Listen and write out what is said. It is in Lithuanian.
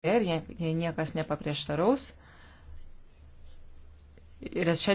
ir jei niekas nepaprieštaraus, ir šiandien